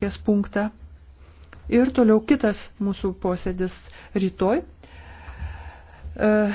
ties punktą. Ir toliau kitas mūsų posėdis rytoj. E,